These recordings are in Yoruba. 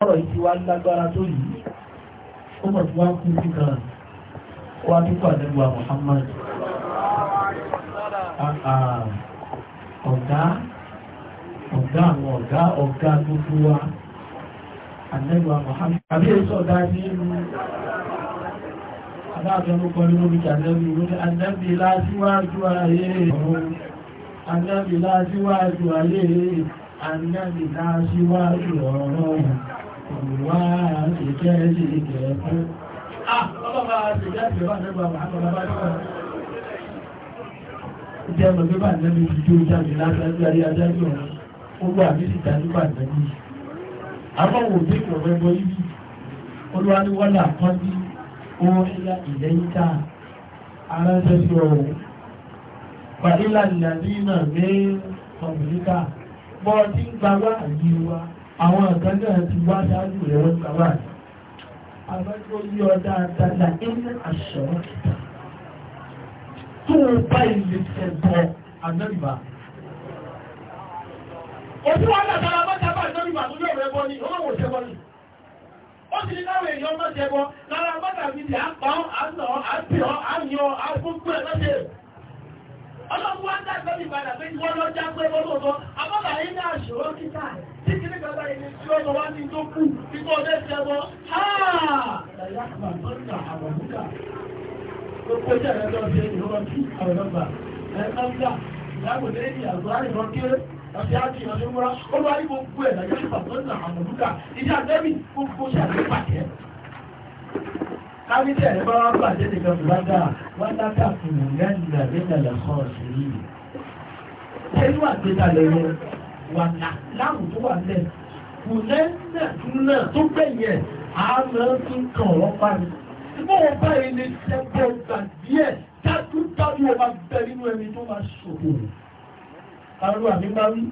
ọ̀rọ̀ yìí ti wá lágbára tó yìí ó mọ̀ tí wọ́n kú sí kan wá púpọ̀ àdẹ́gbà Muhammad ọ̀gá ọ̀gá àwọn ọ̀gá ọ̀gá gbogbo wa àdẹ́gbà Muhammad àbí èso ọ̀gá ní inú aláàjọ ló kọ́ nínú ìjà lẹ́bí lórí àdẹ́bí láṣíwájú ayé àdẹ́bí láṣíwájú ayé àdẹ́bí láṣíwájú ọ̀rọ̀ ọ̀hún Wà á ti jẹ́ ìjẹ́ fún. Ah, ọlọ́pàá àti ìjẹ́ ìjẹ́ bá nẹ́gbà Mùhàmmad bá bá Ìjẹ́ ọmọ gbé bá nẹ́bí ìjú ìjáde láti ayé adájọ́ ọ̀rọ̀. Ó gbà mí sì dájú bá nẹ́bí. Àwọn òbí kò rẹ́gbọ́ ibi. Olúwa ní wọ́n là kán bí ohun ilá ìlẹ́yìn ká. Aránṣẹ́ sí ọ̀rọ̀. Pàdé láti ìlànà ní ọ̀gbìn ká. Bọ́ọ̀ tí ń gba wá àyè wa. àwọn nǹkan náà ti wá dájú rẹ̀ wọ́n yí ọdá àtàlà àṣọ tó bá ilé wọn náà tara bá jábá bọ́ ni, ni. Ó ní èèyàn lára bá tàbí ti àpá, àná, ọlọ́run wá dá ìgbẹ́bí padà pé wọ́n lọ já pé olóòtọ́ abọ́bà yìí náà ṣòro títà tí kìí gbàgbà yìí tí ó lọ wá ní tó kù tí kò dé ti ẹbọ Àti àti ìrànlẹ́ múra, ó lọ ayé gbogbo ẹ̀ láyé ṣùgbọ́n lọ́nà àmọ̀lúkà, ìdí àgbẹ́bì gbogbo ṣẹ́ àti pàtẹ́ kábítẹ̀ ní bá wọ́n pàdé nìkan bùbádà wọ́n dákà fún un lẹ́nìlẹ̀ nílẹ̀ kọ́ sí yìí. ṣé inú àgbékalẹ̀ yẹn wà láwùn tó wà lẹ̀ kù lẹ́nà náà tó gbẹ̀yẹ̀ àmọ́ tó kàn wọ́n parí. ìbò wọn báyìí ní ṣẹ́gbẹ́ ọgbà díẹ̀ dájú dájú ọba bẹ nínú ẹni tó máa ṣòfò. Àrùn àmì bá wí.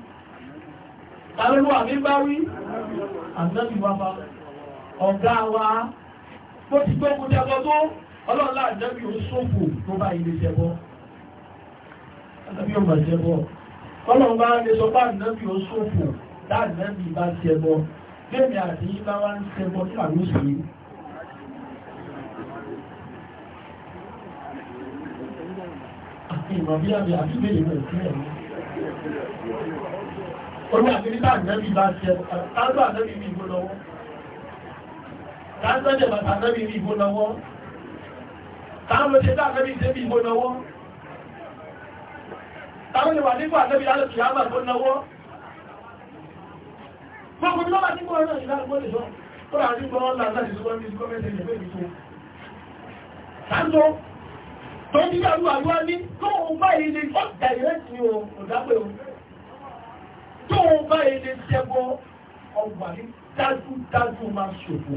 Àrùn àmì bá wí. Àmì ọ̀gá wa bó ti gbé ogun jẹbọ tó ọlọ́ọ̀lá àjẹ́bí ò sófò tó bá ilé jẹbọ àjẹ́bí ò mà jẹbọ ọlọ́run bá lè sọ bá àjẹ́bí ò sófò dáàjẹ́bí bá jẹbọ bẹ́ẹ̀ni àti yí bá wá ń jẹbọ tí àwọn òṣèré ìmọ̀ bí àmì àti ìbéèrè rẹ̀ sí ẹ̀mí Olúwa àti nígbà àjẹ́bí bá jẹ tàbí bàtà náàbì ní ìbò náwọ́ tàbí ṣe tàbí ṣe bí ìbò náwọ́ tàbí wà nígbà náàbì lálẹ́ kìí àmà tó náwọ́ gbogbo ní lọ́bàá nígbà náà ìlànà gbọ́lẹ̀ sọ tó rà ní gbọ́n náà láti ṣùgbọ́n ní ṣùgbọ́n mẹ́sẹ̀ ìlẹ̀ fẹ́ ìṣó tàbí tó ní ìyàwó àgbà ní tó ń bá ilé ọ́ dàìrẹ́tì ni ò dápẹ́ o tó ń bá ilé ṣẹ́gbọ́ ọgbà ní dájúdájú máa ṣòfò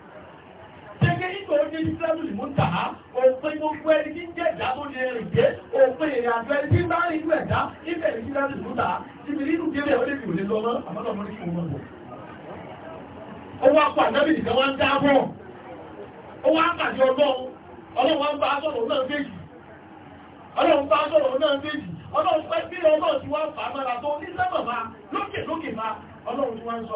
Gẹ́gẹ́ ìgbò ó dé ní Sẹ́lú ìmúta á, òpin gbogbo ẹni tí ń jẹ́ ìdá tó lè rìn jẹ́, òpin ìrìn àjọ ẹni tí ń bá rí inú ẹ̀dá, ìbẹ̀ ní Sẹ́lú ìmúta á, ti fi nínú délé ó lè fi òde lọ́mọ́, àmọ́ lọ́mọ́ ní kí wọ́n mọ̀. Ó wá pa ànábì nìkan wá ń dáàbọ̀. Ó wá ń pàdé ọlọ́run, ọlọ́run wá ń bá sọ̀rọ̀ náà méjì. Ọlọ́run bá sọ̀rọ̀ náà méjì. Ọlọ́run pẹ́ bí ọlọ́run ti wá fà á mára tó ní sábà máa lókè lókè máa. Ọlọ́run ti wá ń sọ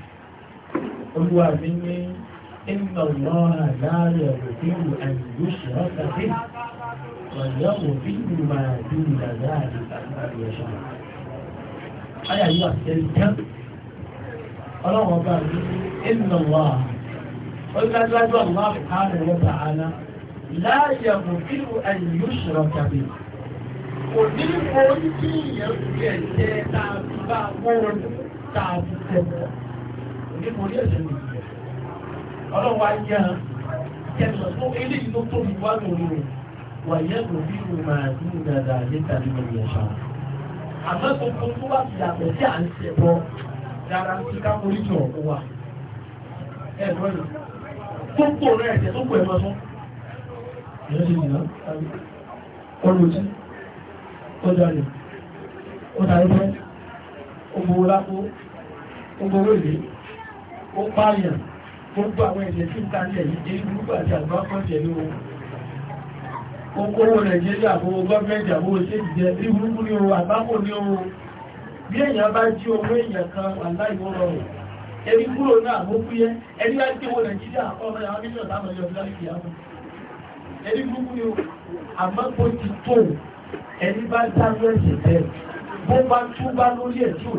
olúwa mi ní inna Allaha la yaghfiru an yushraka bihi wa yaghfiru ma duna dhalika liman yasha. Ayà yìí wà sẹ́yìn tán. Ọlọ́run ọba mi ní inna Allaha. Olúdájúdájú Allah subhanahu wa ta'ala la yaghfiru kékeré ẹ̀ṣẹ̀ mi ọlọ́wọ́ ayé hàn kẹsàn tó eléyìí ló tóbi wá lórí rẹ̀ wà yẹ kò bí mo máa dúró dáadáa yé tàbí mo yẹ ṣá àmọ́ gbogbo tó bá ti yàtọ̀ sí à ń ṣe bọ́ dára sí ká mo rí jọ ọ̀kú wa ẹ̀gbọ́n mi gbogbo rẹ̀ ẹ̀ṣẹ̀ tó kù ẹ̀ mọ́ tán ìyẹn ṣe jìnnà ọlọ́ọ̀tí ọjà rẹ̀ ọjà rẹ̀ fẹ́ ọgbọ̀wọ́ lápò ọgbọ̀wọ́ ìlé ó pààyàn ó gbọ́ àwọn ẹ̀jẹ̀ tí ń ta ní ẹ̀yìn jẹ́ ìgbúgbà àti àgbákọ̀jẹ̀ ní o ó kówó nàìjíríà àbówó gọ́ọ̀mẹ́ntì àbówó ṣe jẹ́ ìwúrúkú ní o àbákò ní o bí èèyàn bá jí owó èèyàn kan wà láìwó rọrùn ẹni kúrò náà mú fúyẹ́ ẹni bá jí owó nàìjíríà ọmọ àwọn mílíọ̀nù táwọn ẹ̀yọ̀ fúlá ìfìyà fún ẹni burúkú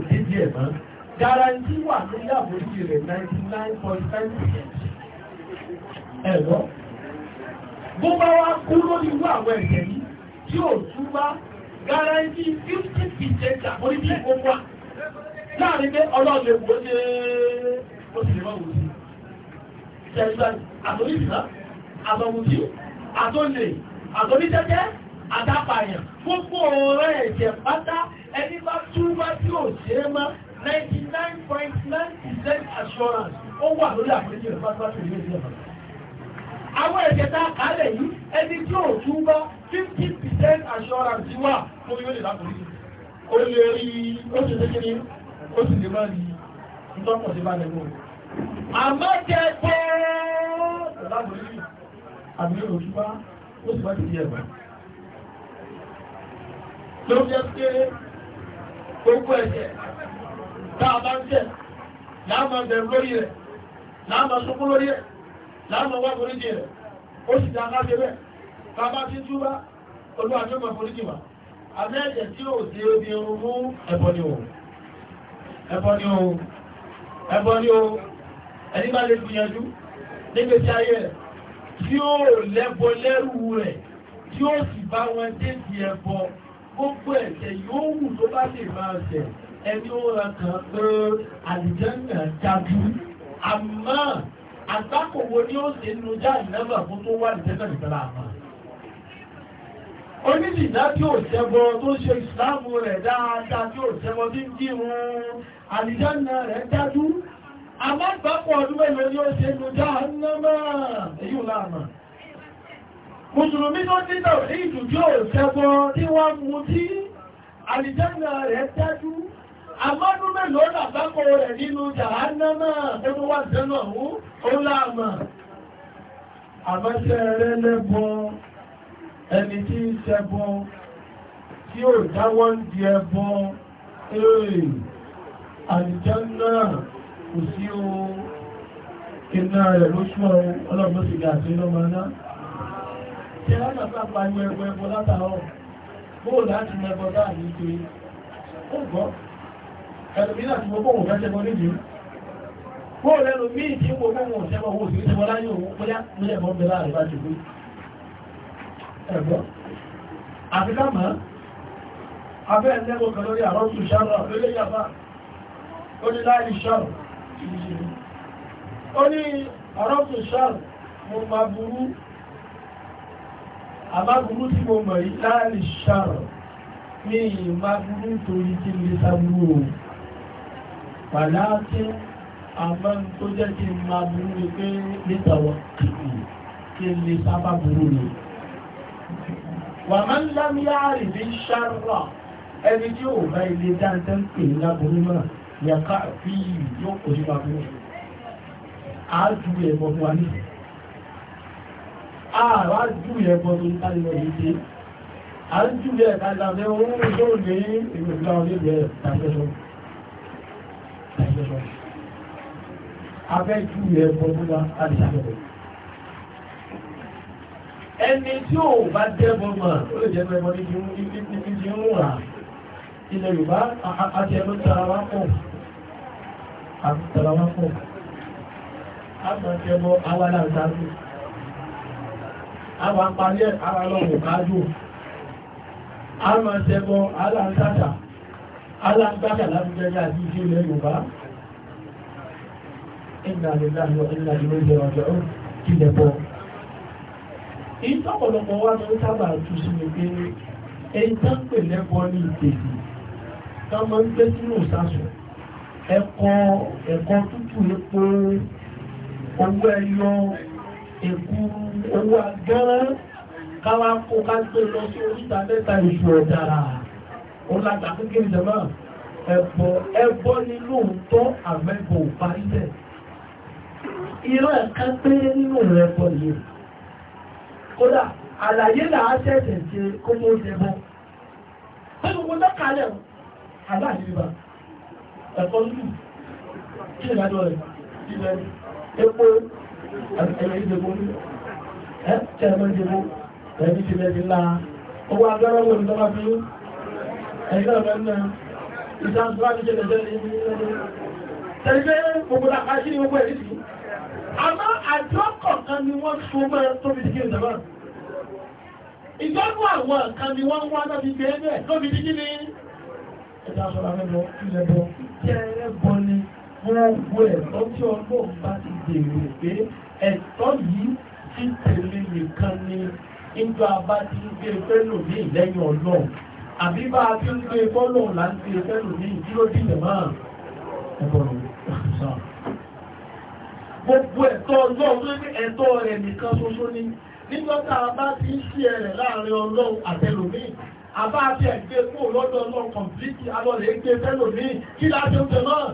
ni Guarantee wà lórí àbójì rẹ̀ 99.5%. Ẹ̀rọ. Bó bá wá kú lórí irú àwọn ẹ̀jẹ̀ yìí tí ò tún bá guarantee 50% àbójì gbogbo à. Láàrin pé ọlọ́run lè wò ó ṣe ó sì lè máa wò sí. Tẹ̀sán àtòlísìlá, àtọ̀wùsí, àtọ̀lè, àtọ̀lítẹ́tẹ́, àtàpàyàn, gbogbo ọ̀rọ̀ ẹ̀jẹ̀ pátá ẹni bá túbá tí ò ṣe é máa ninety percent assurance ó wà lórí àpèjì rẹ̀ pátápátá ìlú ìlú ìlú. àwọn ẹ̀kẹta àkàlẹ̀ yìí ẹni tí ò tún bá 50 percent assurance wà fún yóò lè lápòlì ó lè rí ó sì lè kiri ó sì lè má rí ìtọ́pọ̀ sí bá lẹ́gbọ̀n. àmọ́ jẹ pẹ́ẹ́rẹ́ lápòlì àbí ò tún bá ó sì bá ti di ẹ̀gbọ́n ló jẹ́ pé gbogbo táà bá ń jẹ́ láàmà bẹ̀rù lórí rẹ̀ láàmà sókún lórí rẹ̀ láàmà wá foríjì rẹ̀ ó sì dá káṣe bẹ́ẹ̀ bàbá tí túbá olú àjọmọ̀ foríjì wà àmì ẹ̀jẹ̀ tí ó dé omi irun mú ẹbọ ni òun ẹbọ ni òun ẹbọ ni òun ẹni bá lè gbìyànjú nígbè tí ayé rẹ̀ tí ó lẹ́bọ lẹ́rù rẹ̀ tí ó sì bá wọn dé ti gbogbo ẹ̀jẹ̀ yóò wù tó bá lè máa ṣẹ̀ ẹni ó rẹ̀kàn pé àlìjẹ́nà jájú àmọ́ àtàkòwò ni ó sì nínú já ìlẹ́bà fún tó wà nìjẹ́nà nìjẹ́nà àmà onídìdá tí ò ṣẹbọ tó ṣe ìsìláàmù rẹ̀ dáadáa tí ò ṣẹbọ tí ń kírun àlìjẹ́nà rẹ̀ jájú alágbàpọ̀ ọdún mẹ́lẹ̀ ni ó ṣe ló já náà mùsùlùmí tó títọ̀ sí ìtùjú òṣẹ́gbọ́ tí wọ́n mú tí àlìjẹ́nà rẹ̀ dájú àmọ́dún mélòó làbákọ̀ rẹ̀ nínú jàánàmà ẹgbẹ́ wà jẹ́nà mú ọláàmà àmọ́ṣẹ́ rẹ̀ lẹ́bọn ẹni tí ń ṣẹbọn tí ó dáwọ́ ń di ẹbọn èèrè àlìjánà kò sí o iná rẹ̀ ló ṣọ́ ọlọ́gbọ́sìgà àti ọlọ́mọdá tí a náà sápa ẹgbẹ́ ẹgbẹ́ látàárọ̀ bóò láti mẹ́gbọ́ báà ní pé ó gbọ́ ẹlòmínà tí mo bọ́ òun fẹ́ṣẹ́ bọ́ nídìí kó lẹ́nu míì tí mo bọ́ òun ṣẹ́bọ̀ owó òṣèré ṣẹ́bọ̀ láyé òun bóyá nílẹ̀ mọ́ bẹ láàrin bá ti gbé ẹ̀gbọ́ àfikà mọ́ abẹ́ ẹ̀lẹ́gbọ́ kan lórí àrọ́tù ṣàrọ̀ lórí yàbá ó ní láì ṣàrọ̀ ó ní àrọ́tù ṣàrọ̀ mo ma burú àmá burú tí mo mọ̀ yí láì ṣàrọ̀ ní ìmá burú torí kí n lè sá burú òun pàláàtí àmọ́ tó jẹ́ kí n máa burú ní pé nítàwọ̀ kí n lè sábà burú ní wà máa ń lámíyà rí bí ṣára ẹni tí ó bá ilé dáńtẹ́ ń pè láburú náà yàká bí yóò kò ní baburú àájú ẹ̀bọ̀ tó wà ní àájú ẹ̀bọ̀ tó ń ẹ̀bọ̀ tó ń tàbí lọ àṣàjọba abẹ́jú rẹ̀ bọ́dúnwá àṣàjọba ẹni tí ò bá jẹ́ bọ́mà ó lè jẹ́ bẹ́ẹ̀ mọ́ ní ti ń rà ilẹ̀ Yorùbá àti ẹ̀rọ tara wá pọ̀ àti tara wá pọ̀ àgbàjẹ́bọ awàdà ìdájú àwọn apalẹ́ ara lọ́wọ́ kájú àmàjẹ́bọ alàǹtàjà alágbádà lábújẹ́jà àti ìṣẹ́ ilẹ̀ yorùbá ìgbà nígbà yọ ìlà ìlú ìjọ ọjọ́ ilẹ̀ bọ̀ ìtọ́pọ̀lọpọ̀ wá ní sábà tún sí ni pé ẹni tán pè lẹ́bọ ní ìpèsè tán máa ń gbé sínú ìsásùn ẹ̀kọ́ ẹ̀kọ́ tútù epo owó ẹyọ èkú owó agẹ́rẹ́ káwá kó ká gbé lọ sí oríta mẹ́ta ìṣù ọ̀daràn òun la gbà pé kí n jẹmọ́ ẹ̀bọ ẹ̀bọ ni lóòótọ́ àmẹ́bọ̀ ò parí bẹ́ẹ̀ irọ́ ẹ̀ka péré nínú rẹ̀ bọ̀ yìí kódà àlàyé là á ṣẹ̀ṣẹ̀ ṣe kó mọ́ ṣe bọ́ pẹ̀lú wọn lọ́kàlẹ̀ aláàyèbá ẹ̀kọ́ lù kí ni ìdájọ́ rẹ̀ ilẹ̀ epo ẹ̀rọ ìdìbò ẹ̀ tẹ̀rẹ̀ ìdìbò ẹ̀mí ti lẹ́bi ńlá owó agbára wọn ni Àmọ́ àjọ kọ̀ọ̀kan ni wọ́n so mọ́ tó fi díkì ìjọba. Ìjọ́gbọ́ àwọn kan ni wọ́n wá láti gbé ẹgbẹ́ tó fi díkì ní ẹ̀dà sọ́ra mẹ́lọ ìlẹ̀bọ̀ tí ẹrẹ́ bọ́ ni wọ́n wo ẹ̀tọ́ tí ọlọ́run bá ti dèrò pé ẹ̀tọ́ yìí ti tẹ̀lé nìkan ni ìjọ abá ti gbé pẹ́lò ní ìlẹ́yìn ọlọ́run àbí bá a ti ń pé fọ́lọ̀ láti ẹgbẹ́lú ní ìdílò dìlẹ̀ máa ẹgbọ̀rọ̀ gbogbo ẹ̀tọ́ ọlọ́run ní ẹ̀tọ́ rẹ̀ nìkan ṣoṣo ní nígbọ́ta bá ti ń sí ẹ̀rẹ̀ láàrin ọlọ́run àtẹlòmí àbá àti ẹ̀gbẹ́ kó lọ́dọ̀ ọlọ́run kọ̀m̀pìtì alọ́rẹ̀ ẹgbẹ́ fẹ́lòmí kí láti ń tẹ̀ náà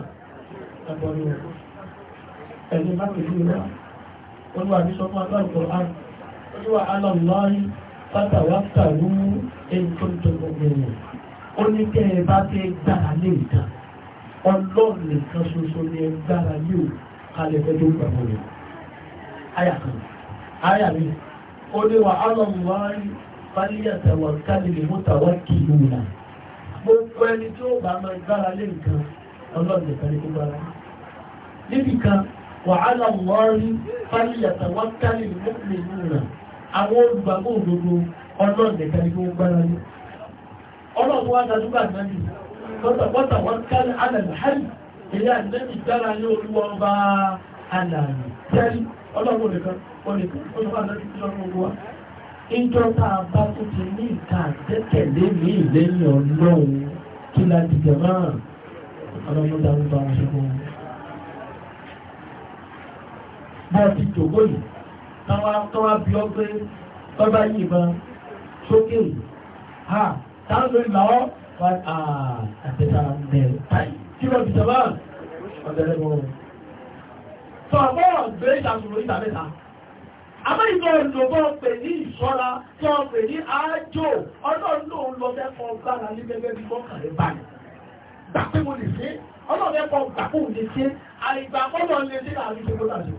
ẹgbọ̀rọ̀ ẹ̀lẹ́ bá pẹ̀lú rẹ̀ olúwa ní sọ fún agbárùkọ̀ ẹnìkọ́ntọ́ gbogbo ó ní tẹ́ ẹ bá fẹ́ gbára lé nǹkan ọlọ́run nìkan ṣoṣo ni ẹ gbára lé o kalẹ̀ fẹ́ tó gbàgbọ́ rẹ̀ àyà kan àyà mi ó ní wà á lọ mọ fálíyàtà wà kálílì mọ́tà wá kì í wùlà gbogbo ẹni tí ó bá máa gbára lé nǹkan ọlọ́run nìkan ni kó gbára níbi kan wà á lọ mọ fálíyàtà wá kálílì mọ́tà wá kì í wùlà àwọn olùgbàgbọ́ òdodo ọlọ́ọ̀dẹ̀ tàbí kí wọ́n gbára ní ọlọ́ọ̀dẹ̀ wá dájúgbà náà ní pọ́tàpọ́tà wọ́n kálẹ̀ alàlùhárì ilé àdínẹ́bì dára ní olúwa ọba alàmì tẹ́rí ọlọ́ọ̀dẹ̀ nìkan olùkọ́ àdájú sí ọmọ ogun wa ìjọ tá a bá tó ti ní ìka àtẹ́tẹ̀lé mi lẹ́yìn ọlọ́run kí la ti jẹ máa ọlọ́run dáhùn bá wọn ṣe fún wọn. bọ́ọ̀ ti jòkó yìí táwa bí ọgbẹ́ bábá yìí máa sókè ha táwọn lórí làwọ́ wọ́n á àtẹ̀tà mẹ́rin táyì kí ló fi sọ́bà ọ̀bẹ̀rẹ̀ mọ́ sọ àbọ̀ gbé ìtàkùn lórí ìtàmẹ́ta àmọ́ ìgbọ́ olùgbọ́ pè ní ìṣọ́ra tó pè ní àájò ọlọ́run ló fẹ́ kọ́ gbára ní gẹ́gẹ́ bí mọ́kànlẹ́ báyìí gbà pé mo lè ṣe ọlọ́run fẹ́ kọ́ gbà pé mo lè ṣe àìgbà kọ́lọ̀ lè ṣe láàrin ṣe kó dàjọ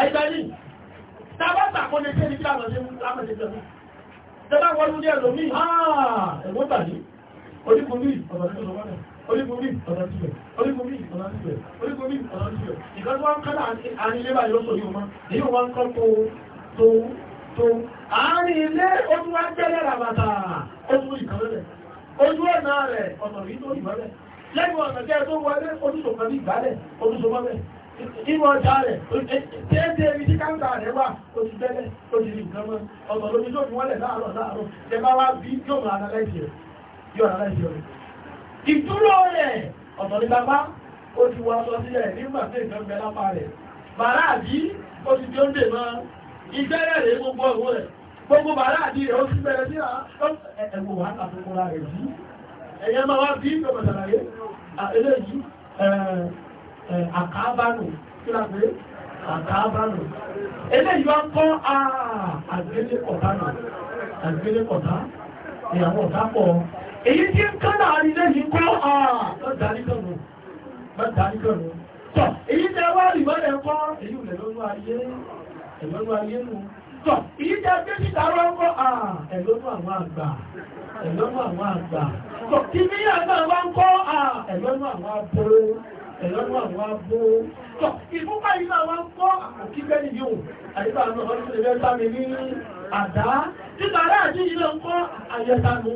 àìgbà ní tàbátà kó lè ṣe ní kí láwọn ṣe láwọn ṣe jẹ́ tẹ́lá wọlú ní ẹ̀lòmí ah, ẹ̀wọ́n tàbí orígunmí ọ̀nà sílẹ̀ orígunmí ọ̀nà sílẹ̀ orígunmí ọ̀nà sílẹ̀ orígunmí ọ̀nà sílẹ̀ ìgbàtí wọ́n kọ́lá àárín ilé báyìí lọ́sọ̀ yóò máa ní wọ́n kọ́ tó tó tó àárín ilé ojú wá jẹ́lẹ̀ ràbàtà ojú ìkànlẹ̀ ojú ọ̀nà rẹ̀ ọ̀nà rí tó ìgbàlẹ̀ lẹ́yìn ọ̀nà jẹ́ tó wọlé ojúṣòkan ní ìgbàlẹ̀ ojúṣòkan bẹ́ẹ̀ ìwọ̀ ọjà rẹ̀ tẹ́ẹ̀tẹ́ ibi tí káńtà rẹ̀ wà oṣù tẹ́lẹ̀ oṣù nǹkan mọ́ ọ̀tọ̀ lóbi tó fi wọ́lẹ̀ láàárọ̀ láàárọ̀ tẹ bá wá rẹ̀ ó ti wọ aṣọ sílẹ̀ nígbà tí ń dè mọ́ ìgbẹ́rẹ̀ rẹ̀ gbogbo ìwọ rẹ̀ gbogbo bàrá àbí rẹ̀ ó ti bẹ̀rẹ̀ àkábánù kíláàsì àkábánù eléyìí wá kọ́ àgbélé kọ̀tánù àgbélé kọ̀tá ìyàwó pọ̀ èyí tí ń kọ́ àmọ́dáríkànù mọ́dáríkànù tọ̀ èyí tẹ́ wá rí wọ́n eyi kọ́ èyí ò lẹ́lọ́nú ayé ayé nù tọ̀ èyí kọ́ ẹ̀lọ́nú àwọn àgbà ẹ̀lọ́nú àwọn àgbà tọ̀ kí ní àgbà wá ń kọ́ ẹ̀lọ́nú àwọn àbúrò ẹ̀lọ́nà àwọn abó tọ̀ ìfúnpá yìí máa wá kọ́ àkíkẹ́ ní yóò àyíká àwọn ọmọ tó lè fẹ́ bá mi ní àdá nígbà aláàjí yìí lọ ń kọ́ àyẹta nù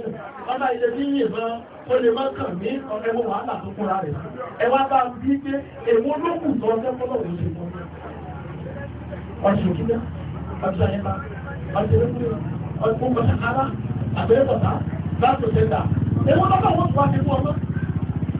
ọba ilé ní ìbọn ó lè má kàn mí ọ̀rẹ́ mọ́ wàhálà tó kóra rẹ̀ ẹ wá bá bí pé èwo ló kù tó ọjọ́ kọ́lọ̀ òun ṣe kọ́ ọ̀ṣun kíkà ọjọ́ àyẹ̀pá ọjọ́ ìlú ọjọ́ ìgbọ̀nsá ara àbẹ́rẹ́ bọ̀tá láti ọ̀sẹ̀ dà èwo lọ́kọ̀ wọ́n tó wá ti fún ọmọ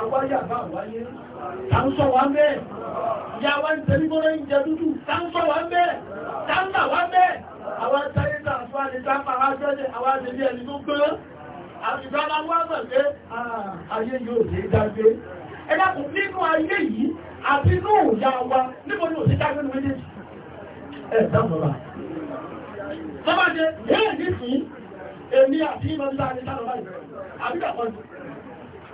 àwáyà bá wáyé tàǹsọ̀ wá mẹ́ ìyá wá ń tẹ́lú gbọ́nà ìjẹ dúdú tàǹsọ̀ wá mẹ́ tàǹsà wá mẹ́ àwọn tẹ́lẹ̀ tàǹsọ̀ àti tàǹsà wá jẹ́ àwọn àjẹ́lẹ̀ ẹni tó gbé àtìgbàlá wá mọ̀ pé ayé yóò dé dágbé ẹ̀dàkùn nínú ayé yìí àti inú ìyá wa níbo ni òsì dágbé ní méjèèjì ẹ̀ dámọ̀lá Tọ́bá jẹ́, yẹ́ ìdí sí, èmi àti ìmọ̀ nígbà ní sáàrọ̀ láìpẹ́, àbíkà pọ̀jù.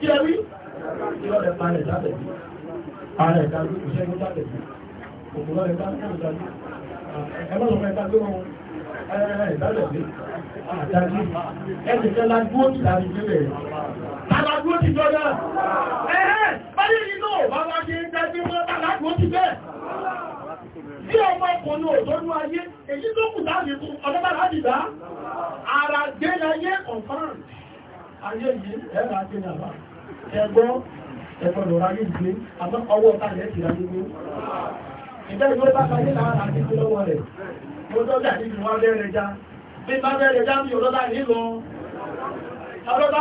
kí lẹ́rí kí lọ́dẹ̀ parẹ̀ sábẹ̀bí ààrẹ ìdájú ìṣẹ́gun sábẹ̀bí òkúrọ̀ ìdájú ìdájú ẹgbọ́n ìdájú ìdájú àdájú ẹ̀sìnkẹ́ lágbó ti láti gbé rẹ̀ alágbó ti jọdá ẹ̀ẹ́ báyé nínú bàbá ṣe ń dájú mọ́ alágbó ti bẹ́ẹ̀ tí ọmọ ọkùnrin òjòrú ayé èyí tó kù láti fún ọdọ́bà láti dá ara gbé láyé confirmed ayé yìí ẹ̀rà gbé nàbà ẹgbọ́ ẹ̀fọ́ lọ́ra yìí gbé àmọ́ ọwọ́ ìpàdé ti rà gbogbo ìwé bá sáyé láwọn àti ìpínlẹ̀ ọwọ́ rẹ̀ mo tọ́jà ní ìwà bẹ́ẹ̀rẹ̀ já bí bá já ní lọ ní lọ ní àwọn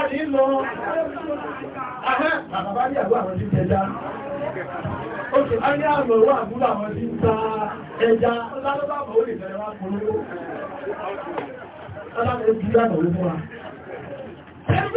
àbúrò àwọn tí ń ta ẹja ó lè wá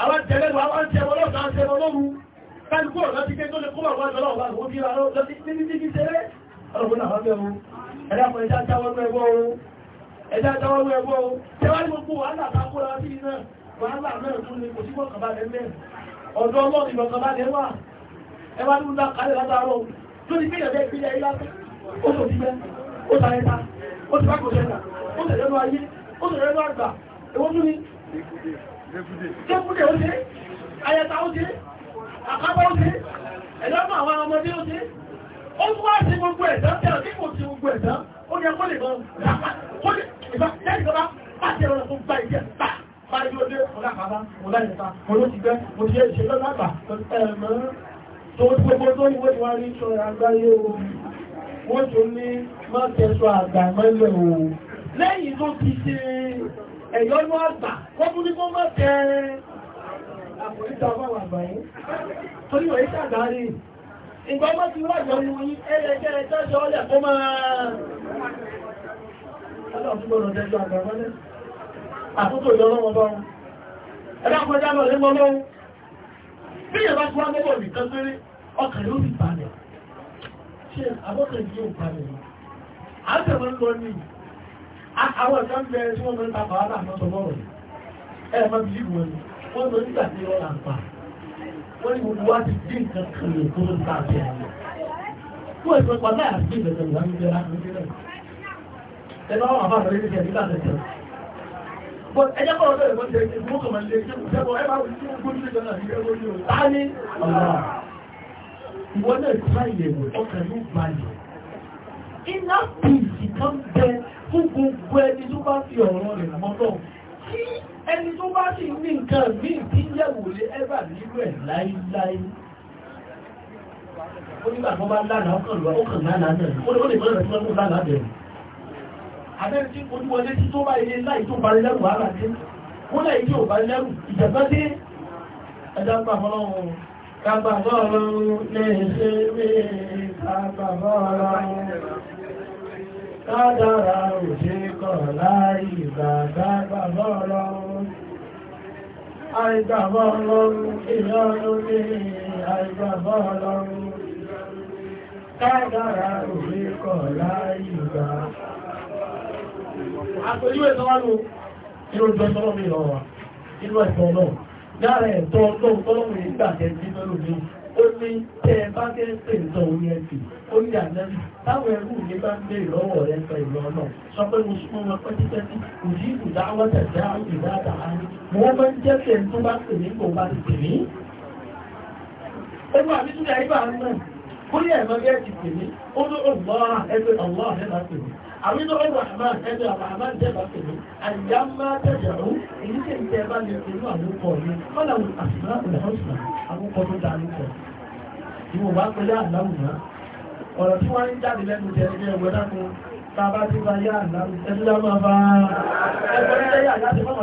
àwọn tẹ̀lẹ́nu àwọn tẹ̀wọ́ lọ́sàn án tẹ̀wọ́ lọ́rù kájúkú ọ̀rọ̀ ti ké tó lè kó wà wọ́n lọ́wọ́ wọ́n wọ́n bí i lọ́wọ́ lọ́sí títí títí tẹ́lẹ́ ọlọ́run náà wọ́n bẹ̀rù ẹ̀dá fún ẹjá jáwọ́ ẹgbọ́ ohun ẹjá jáwọ́ ẹgbọ́ ohun tẹ́wàá ní gbogbo wàhálà àtàkùnrin àti iná wàhálà náà tún ìpínlẹ̀ ilá ó tó ti gbẹ́ ó ta ó ti bá kò ṣẹta ó tẹ̀lẹ́nu ayé ó tẹ̀lẹ́nu àgbà èwo tún ni Jẹ́kúdé ó ṣe, ayẹta ó ṣe, Wọ́n tún ní má tẹ̀sọ àgbà mọ́lẹ̀ o. Lẹ́yìn tó ti ṣe ẹ̀yọ́nú àgbà wọ́n fún ní kó mọ́ tẹ àpòlítà fáwọn àgbà yìí torí wọ̀nyí ṣàgbárí ìgbà mọ́ ti wá ìjọ ìwọ̀n yìí ẹlẹ́jẹ́ ẹjọ́ ọlẹ̀ kó máa ọlọ́ọ̀fúngbọ̀nà jẹ́jọ́ àgbà mọ́lẹ̀ àkókò ìjọ́lọ́wọ́ bá wọn ẹ̀dá kọjá lọ lé mọ́ lọ́wọ́ bí ìyẹ̀bá tí wọ́n mọ́bọ̀ nìkan péré ọkàn yóò rí balẹ̀ ṣe àbọ́kàn yóò balẹ̀ àtẹ̀mọ́ ń lọ nìyí àwọn ìkan bẹ̀rẹ̀ tí wọ́n mọ́ nípa bàbá àmọ́sọ lọ́rọ̀ ẹ̀ mọ́ bí i wọ́n wọ́n mọ́ nígbà tí wọ́n làpá wọ́n ní gbogbo wá ti dín nǹkan kan lè tó ń ta àti àyè wọ́n ìfẹ́ pa láyà sí ìbẹ̀tẹ̀ ìwà ní ìjẹra ní ìjẹra ẹgbẹ́ wọn àbá àtàlẹ́ ìjẹra nígbà ẹ iná pìsì kan bẹ fún gbogbo ẹni tó bá fi ọ̀rọ̀ rẹ̀ mọ́tọ̀ tí ẹni tó bá sì ní nǹkan míì tí yẹ̀wò lé ẹ́bà nínú ẹ̀ láíláí ó nígbà tó bá lánàá ọkàn lọ ọkàn lánàá bẹ̀rẹ̀ ó lè mọ́ ẹ̀rọ tí wọ́n mú lánàá bẹ̀rẹ̀ abẹ́rẹ́ tí ojú wọlé tí tó bá ilé láì tó parí lẹ́rù wàhálà dé ó láì tí ò parí lẹ́rù ìjàgbá dé ẹjá gbà fọlọ́run kábàbọ́rọ̀ lè ṣe rí kábàbọ́rọ̀ kádàrà òṣèkọ̀ láì bàbá kábàbọ́rọ̀ àìgbàbọ́rọ̀ ìyọ́nú ní àìgbàbọ́rọ̀ kádàrà òṣèkọ̀ láì bàbá Àpèjúwẹ̀ sọ́wọ́nù, inú ìjọ sọ́wọ́ mi lọ wà, inú ẹ̀sọ́ náà lára ẹ̀tọ́ ọlọ́run tọ́lọ́run yìí lọ́rùn mi ó ní tẹ́ bá fẹ́ pè orí ẹ̀sìn ó ní ànábì táwọn ẹrú mi bá gbé ìrọ́wọ̀ rẹ sọ ìlú ọ̀nà sọ pé mo súnmọ́ wọn pẹ́ títẹ́ sí ìbùdá wọ́n tẹ̀sí àwọn àtàrà ni wọ́n máa ń jẹ́ pé tó bá pè mí kò bá ti pè mí. ẹnu àbí tún yà náà ó ní ẹ̀mọ́ àrídọ́ ọ̀rọ̀ àmán ẹgbẹ́ àmán jẹ́bà pẹ̀lú àyà máa tẹ̀jẹ̀rú èyí tẹ̀ ń tẹ́ẹ̀bá lè pẹ̀lú àlúkọ̀ yìí kọ́lá àṣìlá ìlọ́sùn àlúkọ̀ tó dá àlúkọ̀ ìwò wá pẹ̀lú àlámùná ọ̀rọ̀ tí wọ́n ń jáde lẹ́nu jẹ́rẹ́ ẹgbẹ́ dákun tá a bá ti bá yá àlámù ẹgbẹ́ dákun bá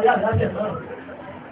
ẹgbẹ́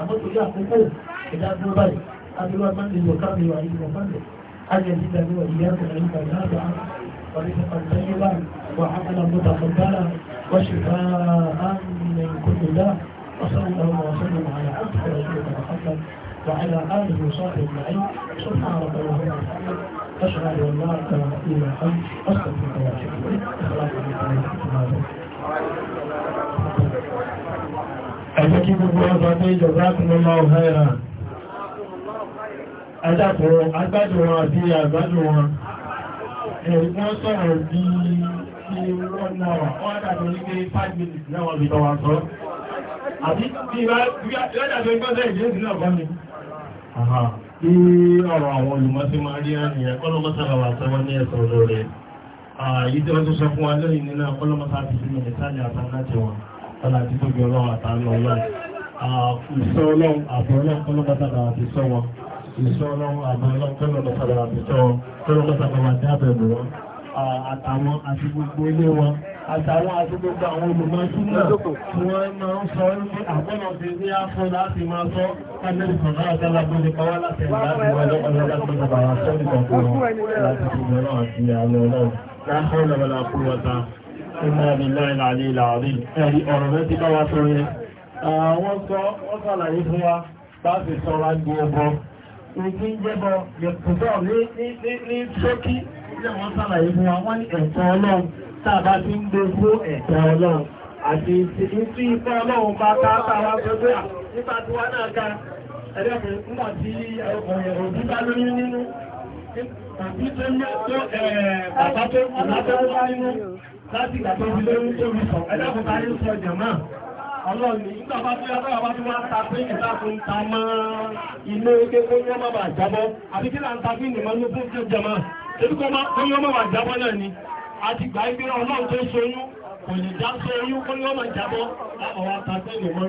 àmọ́ torí àkókò ìdádúró báyìí adúrú àgbáńdé lọ káàmì wà nínú ọ̀fọ́ndé ayé nígbà ní ورزقا طيبا وعملا متقبلا وشفاء من كل داء وصلى الله وسلم على عبده ورسوله وعلى اله وصحبه اجمعين سبحانك اللهم وبحمدك اشهد ان لا اله الا انت استغفرك واتوب اليك السلام عليكم ورحمه الله وبركاته ẹ̀jẹ̀ kí gbogbo ọjọ́ pé ìjọba kúnlọ́ máa ń hẹ́ra adápọ̀ agbádùn wọn àti àgbádùn wọn ẹ̀gbọ́n sọ̀rọ̀ bí i wọ́n náà wọ́n dàbí ní pé 5 minutes náà wọ́n fi tọwà sọ àti bí i lọ́dàbí gbọ́dọ̀ ìdíyèsí náà kọ́ ni bí ọ̀rọ̀ àwọn olùmọ́sí máa rí àmì ẹ̀kọ́lọ́mọ́sàlọ́wà sọ́wọ́n ní ẹ̀sọ̀ lórí àyíjọ́ tó sọ fún wa lórí nínú ọkọ́lọ́mọ́sà ti fi mẹ́ta ní àtàlá ti wọn ọ̀nà àti tóbi ọlọ́run àtàánú ọlọ́run ìṣọ́ ọlọ́run àbọ̀ ọlọ́run kọ́lọ́pàtàkà àti sọ wọn ìṣọ́ ọlọ́run àbọ̀ ọlọ́run kọ́lọ́pàtàkà àti sọ wọn kọ́lọ́pàtàkà wà dábẹ̀ bọ̀ wọn àtàwọn àti gbogbo ilé wọn àtàwọn àti gbogbo àwọn olùmọ̀sílẹ̀ tí wọ́n máa ń sọ ní àgbọ́nà tí ní àṣọ láti máa sọ kánẹ́lì sọ̀rọ̀ àtàlágbó ní pàwọ́ láti ẹ̀rọ láti wọ́n lọ́pọ̀ láti bàbá sọ́lì kọ̀ọ̀kan láti ṣùgbọ́n náà àti àwọn ọlọ́run láti ọlọ́run iná nílá ìlàlẹ́ ìlàrí ẹ̀rí ọ̀rọ̀ rẹ̀ ti bá wa tó yẹ wọ́n sọ wọ́n sàlàyé fún wa bá fi sọ wa gbé ẹbọ ìdí jẹbọ yẹ̀kùtọ̀ ní ṣókí wọ́n sàlàyé fún wa wọ́n ní ẹ̀tọ́ ọlọ́run tàbá ti ń gbé fún ẹ̀tọ́ ọlọ́run àti gbogbo láti ìgbà tó fi lórí tó fi sọ ẹlẹ́kùn ta ní sọ jẹ̀mọ́ ọlọ́ọ̀ni nígbà bá tó yàtọ̀ bá tó wá ta pé ìta tó ń ta mọ́ ilé ike kó ní ọmọ bà jábọ́ àbí kí là ń ta fún ìnìmọ́ ní fún ìjọ jẹ̀mọ́ ebi kó ní ọmọ bà jábọ́ náà ni a ti gbà ìgbé ọlọ́run tó ń soyún kò lè já soyún kó ní ọmọ jábọ́ láwọn wa ta pé ìnìmọ́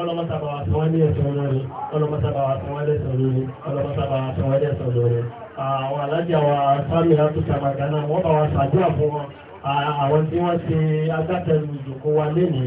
ọlọ́mọ́sàbà àtàwọn ah, ilé ẹ̀sọ̀ lórí ọlọ́mọ́sàbà àtàwọn ilé ẹ̀sọ̀ lórí ọlọ́mọ́sàbà àtàwọn ilé ẹ̀sọ̀ lórí ah, àwọn alájà wa sáàmì àtúnṣe àmàgánà wọ́n bá wa ṣàdúrà fún wọn ah, àwọn tí wọ́n ṣe agbátẹrù ìjòkó wa lénìí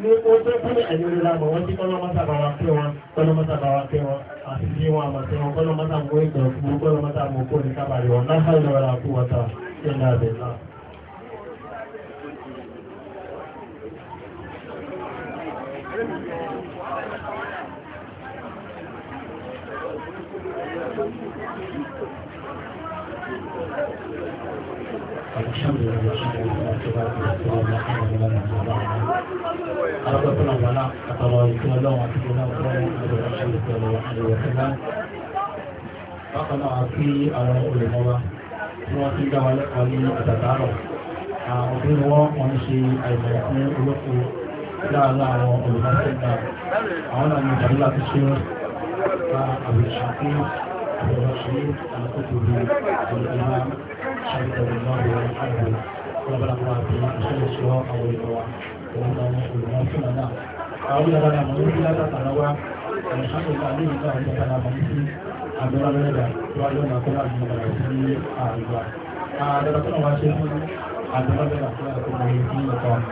ní ojú kúrò ẹ̀yọ́rẹ́ lábọ̀ wọ́n tí kọ́lọ́mọ́ta bá wá pé wọn kọ́lọ́mọ́ta bá wá pé wọn àti tí wọn àmọ̀ tí wọn kọ́lọ́mọ́ta mú ìgbà fún kọ́lọ́mọ́ta mú kó ní kábàrí wọn láhàlọ́ra kú wọ́ta ṣe ń dáadẹ́ náà الحمد لله arábẹ́fẹ́lá wàlá àtàrà ìfẹ́ ọlọ́run àti ìfẹ́ ọlọ́run àtàrà ìfẹ́ ọlọ́run àtàrà ìfẹ́ bákan náà kí àwọn olùmọ́wá tí wọ́n ti dá wa lẹ́kọ̀ọ́ ní àtàtàrọ̀ àwọn tí wọ́n wọ́n ṣe àìmọ̀ràn fún olóko láàárín àwọn olùmọ́sẹ́gbà àwọn àmì ìdàrúlà ti ṣe àbùsàkí عبد الرشيد القطبي والإمام شهد الله ويحبه وبلغ في أشهر الشهور أو الجوع وهذا نحن الموصول أعود لنا من لا تتنوع الحمد لله الله تعالى من عبد الله بن وعلوم أقول عبد الله بن أعلى أعلى رسول الله شيخ عبد الله بن أقول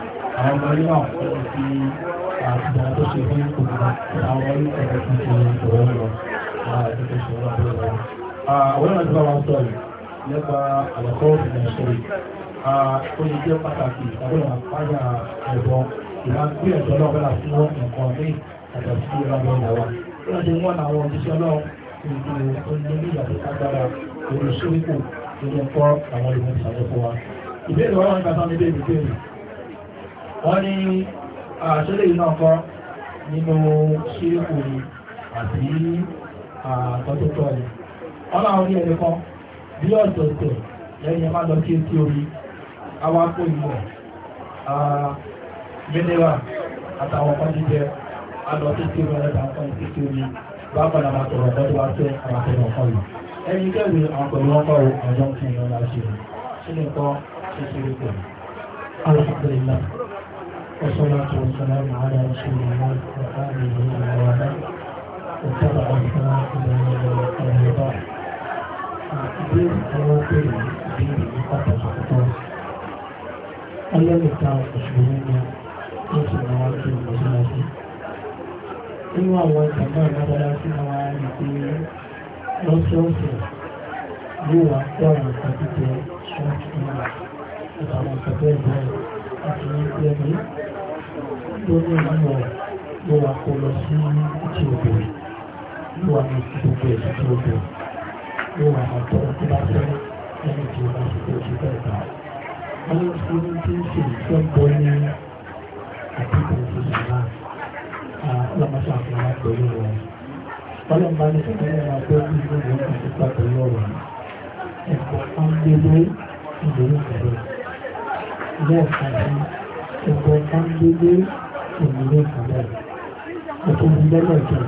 àwọn ọmọ ilé àwọn ọmọ ti àti ìdájọ́ ṣe fún ìkòkòrò àwọn ọmọ ilé ẹ̀rọ ti ṣe ìṣòro lọ àwọn náà ti bá wọn sọ̀rọ̀ nípa àlọ́kọ́ ìgbà sọ̀rọ̀ ó lè jẹ́ pàtàkì tàbí àwọn àpáyà ẹ̀bọ ìrántí ẹ̀tọ́ náà bẹ́ẹ̀ fún nǹkan ní àtàkì ìrànwọ́ ìyàwó wọ́n ti wọ́n àwọn òṣìṣẹ́ náà ìlú onílé ìyàtọ̀ agbára orí sóríkù nínú ẹ̀kọ́ àwọn ìlú ìṣàjọpọ̀ wa ìbéèrè wọn nípa sáwọn ilé ìbéèrè wọ́n ní àṣẹlẹ̀ yìí náà kọ́ nínú síríkù àti àtọ́tọ́tọ́ rẹ̀ ọlá orí ẹ̀rẹ́ kan bí ọ̀tọ̀ọ̀tọ̀ lẹ́yìn ẹ̀ máa lọ sí etí orí awakó ìmọ̀ mínírà àtàwọn ọkọ̀ jíjẹ alọ sí etí orí ẹ̀rẹ́ kan sí etí orí bá padà máa tọ̀rọ̀ ọ̀dọ́ tó wá fẹ́ àwọn akẹ́kọ̀ọ́ kan yìí ẹni kẹ́wé àwọn pẹ̀lú ọkọ̀ ọjọ́ fún ìran láti rẹ̀ sí nìkan ṣe ṣe é pẹ̀lú alhamdulillah wasalatu wasalamu ala rasulillah wa alihi wa sallam وشرع الحاكم والقرآن دين مواطن دين مقدس القدس الذي كان المسلمين يصل مواطن المسلمين inú àwọn ìtàgbọ́n ìlàbọ̀lá sí àwọn àìpé lọ́sọ̀ọ̀sẹ̀ yóò wá kó àwọn nǹkan jíjẹ ṣọ́ọ̀tì náà àtàwọn nǹkan bẹ́ẹ̀ bẹ́ẹ̀ àti ẹgbẹ́ mi tó ní ìlú rẹ̀ yóò wá kó lọ sí ìtì òbèrè yóò wà ní gbogbo ẹ̀sùn tí ó bẹ̀rẹ̀ yóò wà ní ọ̀tọ́ tó bá fẹ́ ẹni tí ó bá ṣe tó ṣe bẹ́ẹ̀ bá. Àwọn oní tí ń ṣe ìfẹ́ bọ́ ní àdúgbò ti sàmà ọlọ́mọṣẹ́ àfihàn pẹ̀lú wọn. Ọlọ́mọba ní sọ̀rọ̀ ẹ̀rọ abẹ́ bí inú ìlú kan ti pa pẹ̀lú ọ̀rọ̀ ẹ̀kọ́ pàǹdéwé ìlú kẹ̀rẹ́. Bẹ́ẹ̀ kàdé ẹ̀kọ́ pàǹdéwé ìlú kẹ̀rẹ́. Ẹ̀kọ́ ìlú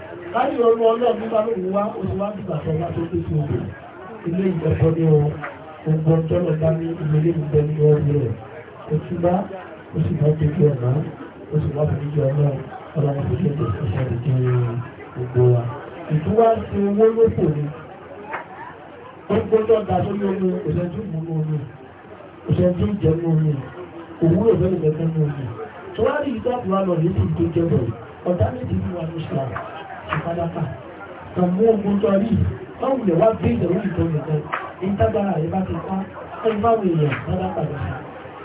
láti ọlọ́ ọlọ́run nígbà ló wù wá oṣù wá nígbà tó wá tó tẹ̀sí òkè ilé ìjọsọ ní ọ gbogbo ọjọ́lọ̀ bá ní ìmọ̀lé ìgbẹ́ ní ọ̀rẹ́ rẹ̀ oṣù bá oṣù bá tó kí ọ̀nà oṣù bá fi níjọ náà ọlọ́run tó kéde ìṣẹ́ ìdí gbogbo wa ìtura ti owó lóko ni gbogbo ọjọ́ta tó ní omi òṣèjú ìmúlò omi òṣèjú ìjẹun omi òwúrò fẹ́lẹ̀ gẹ́gẹ́ ní omi tó wá rí ìtọ́kùnrin lọ ní ìdíje bọ̀ ọ̀dá àtàlápà tọ̀mú ogun tọrí ọ̀wùlẹ̀ wá gbé ìdẹ̀rú ìtọ́ nìkan ìtagbára rẹ̀ ti pa ẹni bá wọ èèyàn àtàlápà rẹ̀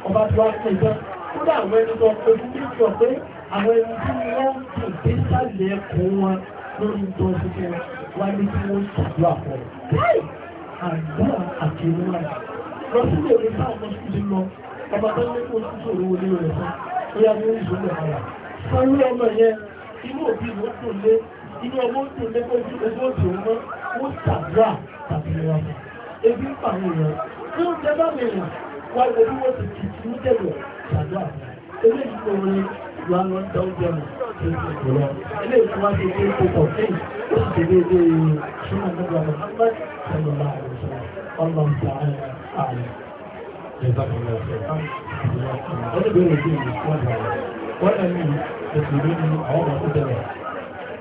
ọba tó wá pẹ̀ tán kódà àwọn ẹni tó ojú bí sọ pé àwọn ẹni tí wọ́n tún dé sálẹ̀ ẹ̀kọ́ wọn lórí ìtọ́ tuntun wá ní kí wọ́n ṣàdúrà fún ọ. àti ìmúra lọ sílé òní sáà mọ́ sí ti lọ ọba tó ní kó sí òru olé rẹ̀ ó yá ní oríṣiríṣi ọ̀rọ̀ sáré inú ọmọ tí ó lékọ́ ojú owó tí ó mọ́ ó tàbíà tàbí ìwà fún ebi ń pa àwọn èèyàn tí ó jẹ bá mẹ́rin wá ìwọ̀n bí wọ́n ti kì í mú tẹ̀lẹ̀ tàbíà ebi ń pọ̀ wọn ìwà lọ ń da oúnjẹ mọ̀ tó ti kò lọ ilé ìtura ti dé ipò pọ̀ sí ó sì dé dé ṣúná nígbà Muhammad sallallahu alaihi wasallam ọlọ́run Wọ́n ní ìṣòro ní àwọn ọmọ tó tẹ̀lé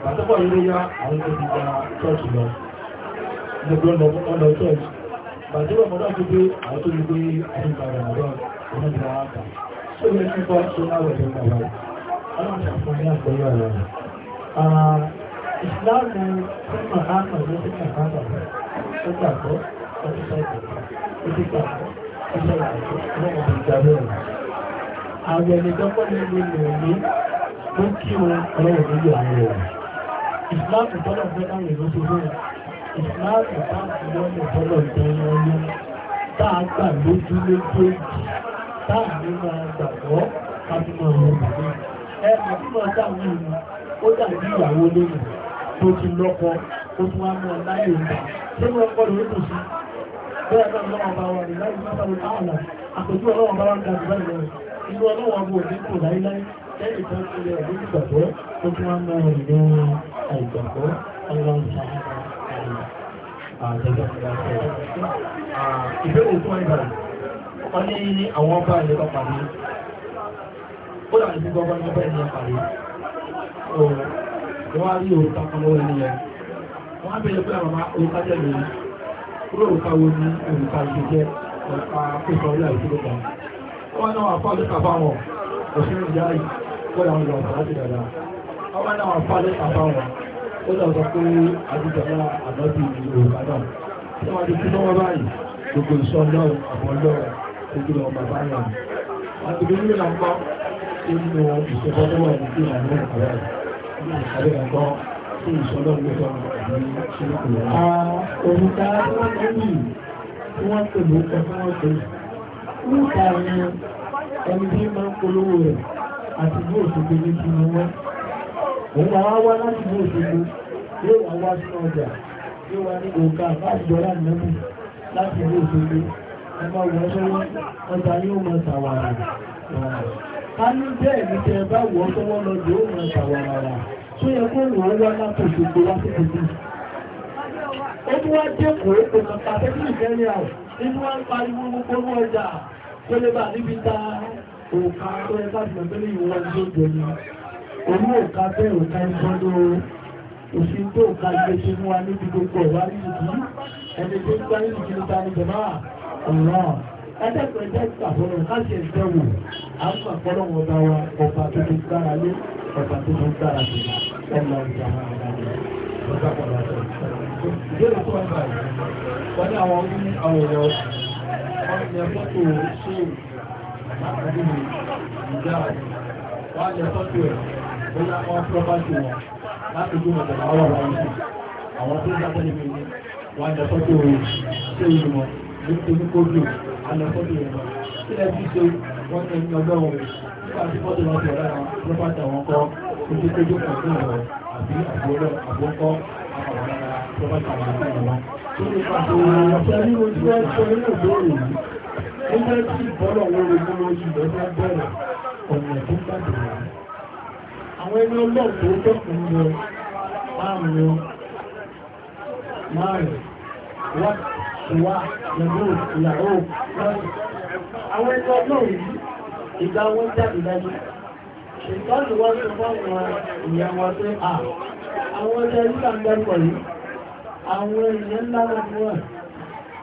àtọ́pọ̀ ilé yá àwọn tó ti gba church lọ gbogbo ọ̀nà ọ̀nà church bàtí ọmọ náà tó gbé àwọn tó gbé àwọn ìgbà rẹ̀ lọ ọmọ ìgbà àgbà tó yẹ kí wọ́n tó náà wẹ̀ lọ́wọ́ rẹ̀ ọlọ́run ṣàfihàn ní àgbẹ̀yọ̀ rẹ̀ ìsìláàmù fún màhánà ló ti kà káàkà ó gbàgbọ́ ọdún sẹ́kọ̀ọ́ ó ti gbàgbọ́ ó sẹ́kọ̀ọ́ ọlọ́run Islam ìtọ́lọ̀ fẹ́ káwọn èrò ṣe lóyún. Islam ìtàkùnlọ́nà ìtọ́lọ̀ ìtọ́lọ̀ ọlọ́. Tá a gbà lójú lójú tá a ní máa gbàgbọ́ ká fi máa lọ bàbá. Ẹ àti máa dáwọn ìlú ó dàbí ìyàwó lóyún tó ti lọ́kọ ó tún wá mọ́ láyé ìgbà. Ṣé wọ́n kọ́ lórí kò sí? Bẹ́ẹ̀ náà lọ́wọ́ bá wà ní láyé lẹ́yìn tó ń tilẹ̀ ọdún ìgbàgbọ́ tó tún wá máa rìn ní àìgbàgbọ́ ọlọ́ọ̀ta ìbéèrè tó ń bà ọ ní àwọn ọba ilẹ̀ kan pàdé ó dàbí bí gbọ́gbọ́n ní ọba ènìyàn pàdé wọ́n á rí òrùka kan lọ́wọ́ ènìyàn wọ́n á bẹ̀rẹ̀ pé àwọn ọmọ òrùka tẹ̀lé olóòrùka wo ní òrùka ìṣẹ́jẹ́ ọ̀pá pẹ̀sọ̀ orí àìsílẹ̀ kan wọ́n náà àfọ́ àdúkà fáwọn òṣèré ìyá yìí kọ́lá gbogbo ìṣọ́ lọ́rùn àbọ̀ lọ́rùn gbogbo ọmọ bá yà mí àti gbogbo ìlànà kọ́ nínú ìṣòro tó wà ní ìlànà àbẹ̀ àbẹ̀ ẹ̀kọ́ tí ìṣòro ń gbé Òrùka wọ́n tó yìí tí wọ́n àti bí òṣogbo ní kí ni wọ́n òun máa wá láti bí òṣogbo yóò wá wá sí ọjà yóò wá ní òǹkà fáàjọra nẹ́bù láti bí òṣogbo ẹgbẹ́ wọ́n sọ́wọ́ ọjà yóò máa tàwàrà ká ní bẹ́ẹ̀ ní tẹ bá wọ́ sọ́wọ́ lọ yóò máa tàwàrà tó yẹ kó wọ́n wá láti òṣogbo wá sí òṣogbo ó tún wá dẹ́kun ó kò kàkà tẹ́kùn ìfẹ́ ní àwọn nínú wá ń pariwo gbogbo ọjà kó lè bà níbi ta òkà tó ẹgbà tí mẹ́bẹ́lẹ̀ yìí wọ́n tó jẹ ní orí òkà bẹ́ẹ̀ òkà ìfọ́dọ̀ òsì tó òkà ìgbésí mú wa níbi gbogbo ọ̀wá nìyí ẹni tó gbá nínú kí ló ta ní jẹ̀má ọ̀rọ̀ ẹ̀ẹ́dẹ́gbẹ̀ẹ́dẹ́ àfọ́nà káṣẹ̀ ìfẹ́wò àwọn àfọ́nà ọba wa ọba tó ti gbára lé ọba tó ti gbára lé ọmọ ìjà máa ń gbára lé ọba pàdà tó ń sọ. ìbéèrè tó ń bá yìí wọ́n ìjáàrí wọ́n jẹ́ sọ́tù ẹ̀ ó yá wọ́n pọ́pátì wọn láti gbé ọ̀dọ̀ àwọn ọ̀rọ̀ ọ̀rọ̀ àwọn tó dá tẹ́lẹ̀ mi wọ́n jẹ́ sọ́tù ẹ̀ ṣé ìlú wọn ní torí kójú alẹ́ sọ́tù ẹ̀ lọ kí lẹ́ fi ṣe wọ́n jẹ́ ní ọjọ́ wọn nípa tí fọ́tù wọn ti ọ̀rẹ́ wọn pọ́pátì àwọn kọ́ ojú kójú kan sí ọ̀rọ̀ àbí àbúrò àbúkọ́ àwọn ọ̀rẹ́ pọ́pátì àwọn ọ̀rẹ́ wọn ó fẹ́ tí bọ́lọ̀ wọn lè mú lóṣù lọ́jọ́ bẹ̀rẹ̀ ọ̀nà tó bá bẹ̀rẹ̀ àwọn ẹni ọlọ́pọ̀ tó tọ́kùn lọ márùn-ún márùn-ún wá ṣùwá ìlú ìyàwó àwọn ẹni ọlọ́run yìí ìgbà wọn jáde dájú ṣètọ́nù wọ́n tó fáwọn ìyá wọn pé àwọn ẹni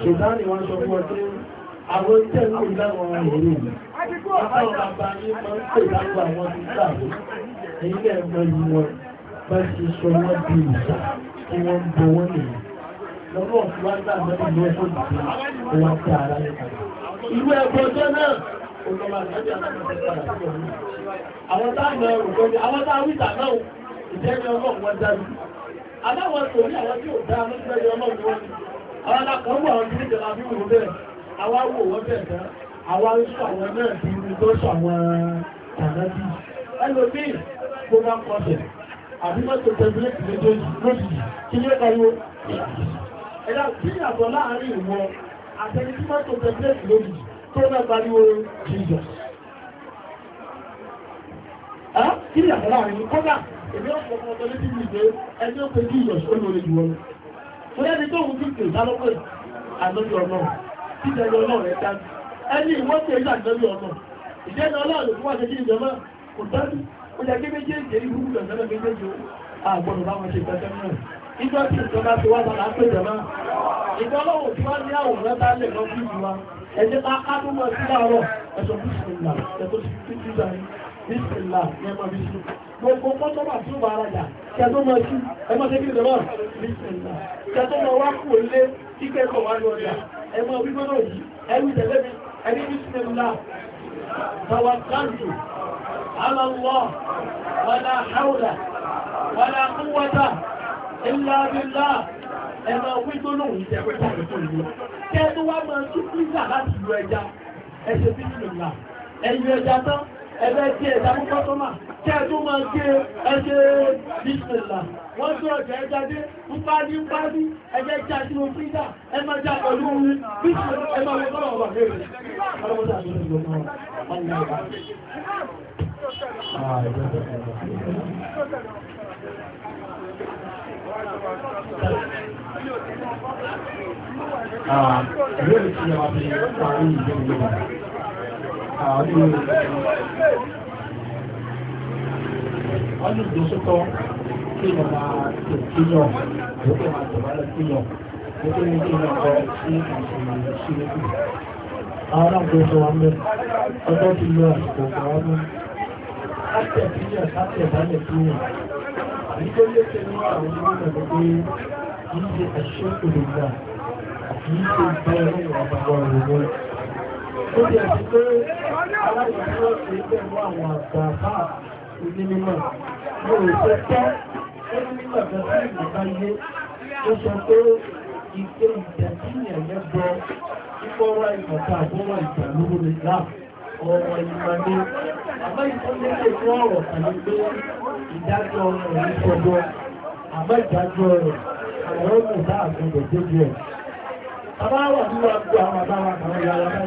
ṣùgbọ́n ni wọ́n sọ fún ọdún àwọn tẹ́ ń pè láwọn òru àwọn bàbá yìí máa ń pè láwọn àwọn ti sáàbò èyí lẹ́ mọ̀ yìí wọn bá ti sọ wọ́n di ìsà àwọn táàmù ẹrù lórí àwọn táàmù ìtà náà ìjẹ́ni ọlọ́run wọn dájú aláwọ̀ torí àwọn tí ò dá àwọn alákọ̀ọ́gbọ̀ àwọn tí níjọba bí wù bẹ́ẹ̀ àwa wò wọ́n bẹ̀ tán àwa ń sọ àwọn náà bí ibi tó sọ àwọn tàná bí ẹlòmíì tó bá kọsẹ̀ àbí mọ́tò tẹ́bílẹ̀tì méjèèjì lójijì kí ní ẹ̀ka yóò ẹ̀dá kí ní àbọ̀ láàárín ìwọ àtẹni tí mọ́tò tẹ́bílẹ̀tì lójijì tó bá pariwo Jesus kí ní àbọ̀ láàárín kọ́dà èmi ọ̀pọ̀ ọmọ ọ̀tọ̀ létí ìgbé ẹni ó pe Jesus ó lóore jù wọn Fúlẹ́ni tó wù dìkì lálọ́pẹ̀ àlọ́bí ọ̀nà, títẹ̀lẹ̀ ọlọ́run ẹ̀ta. Ẹni ìwọ́n tẹ̀ ìlà àlọ́bí ọ̀nà. Ìjẹ́ni ọlọ́run fún àṣẹ́jì ìjọba kò tẹ́lú. Ó jẹ́ kí méjèèjì èrí burúkú lọ́sẹ́lẹ̀ méjèèjì ó. Àgbọ̀dọ̀ bá wọn ṣe ìgbẹ́jẹ́ náà. Ìjọ tí ìjọba ti wá bàrà pé jọba. Ìjọ ọlọ́run tí wá ní àwòrán tá lè lọ fún ìjọba. Ẹ̀jẹ̀ bá ká tó mọ̀ sí láàárọ̀. Ẹ̀sọ̀ fún ìṣẹ̀lẹ̀ ẹ̀tọ́ sí fún ìjọba bísìlá ẹmọ bísìlú gbogbo pọ́tọ́bà tí ó bá ara jà kẹtọ́ mọ́ sí ẹmọ tẹ́kì ìdọ̀bọ̀ bísìlá kẹtọ́ mọ́ wá kú olé kíkẹ́kọ̀ọ́ wá ní ọjà ẹmọ wígbọ́nà yìí ẹwì tẹ̀lé mi ẹni bísìlá tàwàkàndù alàwọ̀ wàlá haúlà wàlá kúwàtà ilá bílá ẹmọ wígbọ́nà yìí tẹ̀kọ́ ẹ̀yẹ ẹja tán ẹgbẹ́ tí ẹ̀ dámú kọ́tọ́mà tí ẹ tó máa gé ẹgbẹ́ bísmìlá wọ́n tó ọ̀jẹ́ ẹjáde ń bá ní ń bá ní ẹgbẹ́ tí a ti mú fídà ẹ máa já pẹ̀lú bísmìlá ẹ máa wọ́n tọ́wọ́ wà lórí wọ́n ní ìdósótọ́ kí ni máa tò kíyàn ló kí máa tòbálẹ̀ kíyàn ló kí ní kí ní ọ̀rọ̀ sí àṣìlẹ̀ sílẹ̀kù àwọn náà kò sọ wọn mẹ́rin ọjọ́ ti lọ àsìkò ọ̀gá wọn mú káṣẹ̀ kíyàn káṣẹ̀ ìbálẹ̀ kíyàn àbí tó lé ṣe ní àwọn onímọ̀ ló pé kì í ṣe àṣìṣe òdòdó àti ìṣe ìbẹ̀rẹ̀ ọ̀bàbọ̀ òdòdó tó jẹ́ sí pé aláìsíwọ́ sí pẹ̀lú àwọn àgbàfà onímọ̀ mo rò pé tẹ́ onímọ̀ bẹ̀rẹ̀ ìgbàláyé tó sọ pé ìpé ìdẹ̀síyàn lẹ́gbọ́ ìfọ́wọ́ ìgbàta àbọ́wọ́ ìgbàlúwò ọmọ ìdájọ́ ìdájọ́ àwọn ọmọ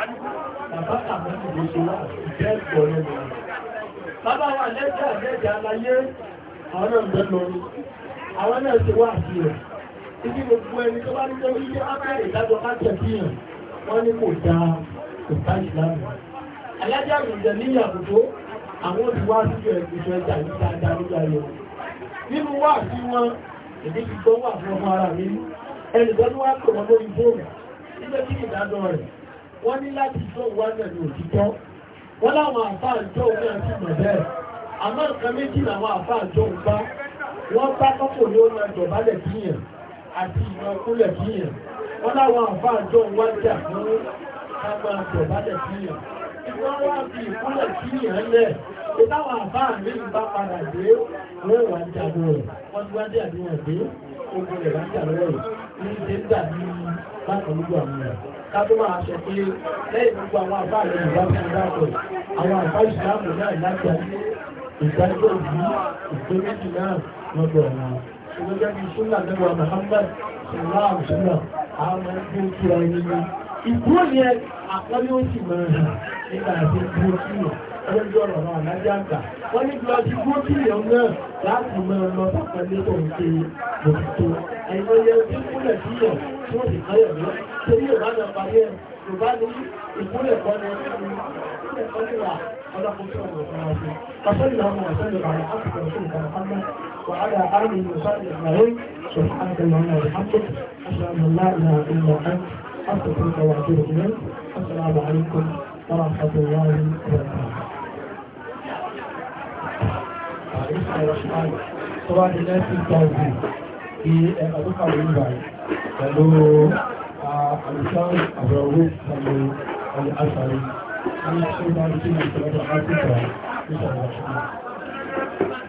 Bàbá àmọ́ ìbò ṣe wà ìjẹ́ ìpọ̀ lẹ́nu. Bàbá wa lẹ́jà lẹ́jà aláyé àwọn náà bẹ́ lórí. sí rẹ̀. Ibi gbogbo ẹni tó bá ní tó ní jẹ́ ápẹ́rẹ́ ìdájọ́ kájẹ̀ bí yàn, wọ́n ní kò da òkà ìsìlámù. Alájà ìjẹ ní ìyàbùdó, àwọn olùwà sí ìjọ ẹja yìí dáadáa nígbà yẹn. Nínú wà sí wọn, èdè ti gbọ́ wà fún ọmọ ara mi. Ẹnìkan ló wá pè wọ́n lórí fóònù. Nígbà kí ìdájọ́ rẹ̀, wọ́n ní láti tó wọ́n náà ní òtítọ́ wọ́n láwọn àfáà jọ òun náà ti mọ̀ bẹ́ẹ̀ àmọ́ nǹkan méjì làwọn àfáà jọ ń bá wọ́n bá kọ́kọ́ ní ó máa dọ̀bálẹ̀ kíyàn àti ìmọ̀kúnlẹ̀ kíyàn wọ́n láwọn àfáà jọ ń wájà fún ká máa dọ̀bálẹ̀ kíyàn ìwọ́n wá fi ìkúnlẹ̀ kíyàn lẹ̀ ìtàwọn àfáà mi ń bá padà dé wọ́n wà ń jà wọ́n ti wá dé àdúrà dé ogun ní ìgbà ní bákan lójú àwọn ẹ̀ ká tó máa sọ pé ọ̀rọ̀ náà àgbà wọ́n ní bí ti dúró sí ìyọ̀ náà láti máa lọ sàpẹ́lẹ́ tó ń ṣe òtítọ́ àìmọye ìpínlẹ̀ sílẹ̀ tí ó sì káyọ̀ mọ́ torí ìbáná parí ẹ̀ kò bá ní ìpínlẹ̀ kan ní ìpínlẹ̀ kan ní wà ọlọ́kùnrin ọ̀rọ̀ fún wa sí. Kàfẹ́lì náà mọ̀ ọ̀sẹ́ lọ́wọ́ àwọn akẹ́kọ̀ọ́ sí ìkàrà kánná wà á dà áàrùn ìlú sáré ìgbàlóyìn sọ̀rọ̀ àǹtẹ̀lẹ̀ ọ̀nà ìhàmdùn aṣáájú láàrin ìlú ọ̀hán أستغفرك وأتوب إليك السلام عليكم ورحمة الله وبركاته. بسم الله الرحمن الرحيم. صلاة الله في التوحيد. kí ẹ̀ka tó kàwé ń báyìí pẹ̀lú ah, àlùsán àbúrọ̀wé pẹ̀lú ọ̀lẹ́ àṣàrí ní ṣe bá ń ṣe ìṣẹ̀lẹ̀ àti ìṣẹ̀lẹ̀